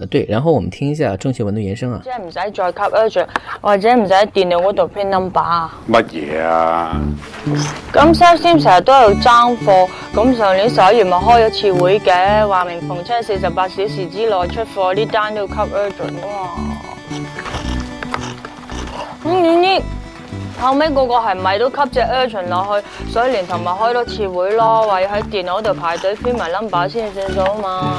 誒，對，然後我們聽一下鄭秀文的原聲啊。即係唔使再吸 urgent，或者唔使喺電腦嗰度填 number。乜嘢啊？咁 sales team 成日都喺度爭貨，咁上年十一月咪開咗次會嘅，話明逢車四十八小時之內出貨呢單都要吸 urgent 啊。唔願呢？後尾個個係咪都吸隻 urgent 落去，所以連同埋開多次會咯，話要喺電腦度排隊填埋 number 先算數啊嘛。